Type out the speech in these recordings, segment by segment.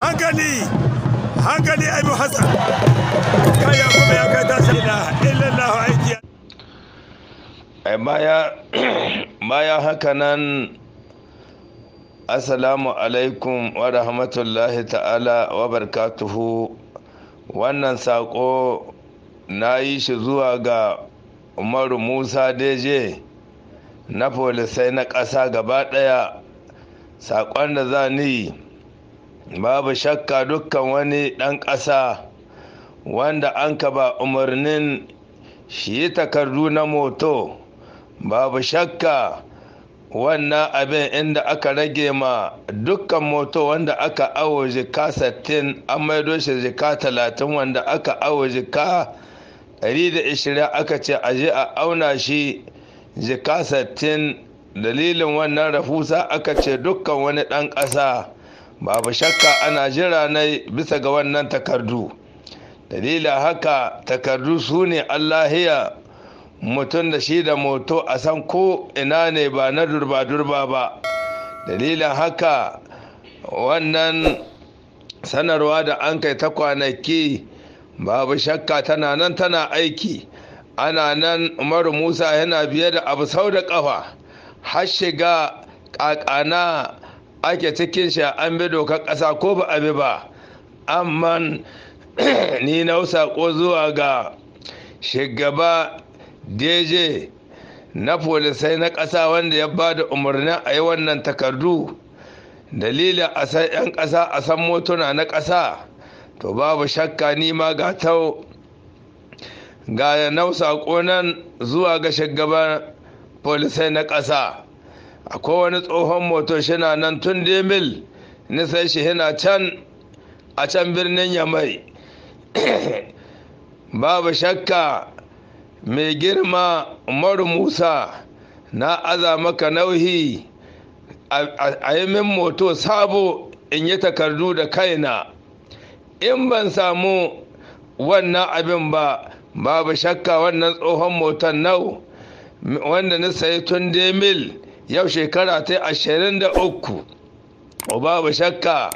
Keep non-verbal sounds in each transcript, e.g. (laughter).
hankali hankali abu hassan kaya kuma ya kai tashi na illallahu aiki baya (clears throat) haka nan assalamu alaikum wa rahmatullahi ta'ala wa barkatuhu wannan saƙo na yi shi zuwa ga umaru musa deje na polisai na ƙasa gaba ɗaya saƙon da za ni babu shakka dukkan wani ɗan ƙasa wanda an ka ba umarnin shi yi takardu na moto babu shakka wannan abin inda aka rage ma dukkan moto wanda aka awo jika 60 an maido shi jika 30 wanda aka awo jika 120 aka ce a je a auna shi jika 60 dalilin wannan rafusa aka ce dukkan wani ɗan ƙasa babu shakka ana jira na bisa ga wannan takardu dalila haka takardu su ne allahiya mutum da shi da moto a san ko ina ne ba na durba-durba ba dalilin haka wannan sanarwa da an kai ta kwanaki babu shakka tana nan tana aiki ana nan umaru musa yana biye da abu sau da ƙafa har shiga ƙaƙana ake cikin shi an bi dokar ƙasa ko ba a bi ba amma (clears throat) ni na saƙo zuwa ga shugaba dj na polisai na ƙasa wanda ya ba da umarnin a yi wannan takardu dalilin a san 'yan ƙasa a san motuna na ƙasa to babu shakka ni ma ga tau ga nau saƙo nan zuwa ga shugaban polisai na ƙasa akwai wani tsohon moto shina nan tun demil nisan shi yana can a can birnin yamai (clears throat) babu shakka mai girma umaru musa na aza maka nauhi a yi min moto sabo in yi takardu da kaina in ban samu wannan abin ba babu shakka wannan tsohon moton nau wanda na sayi tun demil yau shekara ta ashirin da uku babu shakka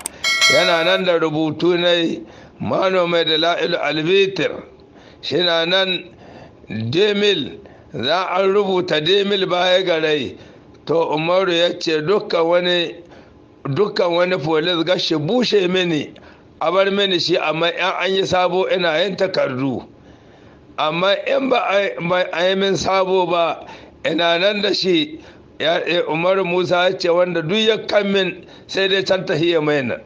yana nan da rubutu ne manoma da la'il albitir shina nan demil za a rubuta demil baya garai to umaru ya ce dukkan wani folis gashi bushe mini a bar mini shi amma yan an yi sabo ina yin takardu amma in ba a yi min sabo ba ina nan da shi ya eh, umar musa ya ce wanda duk ya kamin sai dai can tahiyya mai nan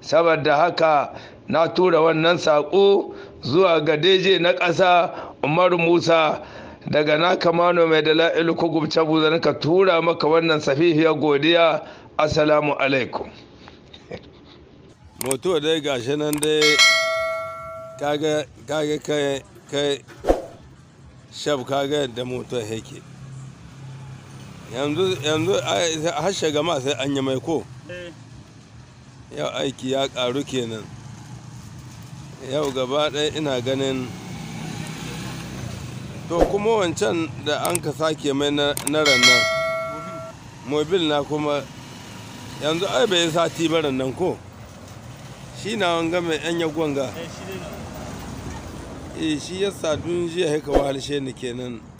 saboda haka na tura wannan saƙo zuwa ga deje na ƙasa umar musa daga na kamano mai da la'ilu ko gubce buzan ka tura maka wannan safihiyar godiya assalamu alaikum moto dai gashi nan dai kage kai kai shaf kaga yadda yake yanzu yanzu har shagama sai an yi mai ko eh. yau aiki ya karu kenan yau gaba ɗaya ina ganin to kuma wancan da an ka sake mai na rannan mobil na kuma yanzu ai bai sati ba rannan ko shi na wanga mai yan yagwanga gwanga eh, eh, shi ya sadun jiya haka wahalshe ni kenan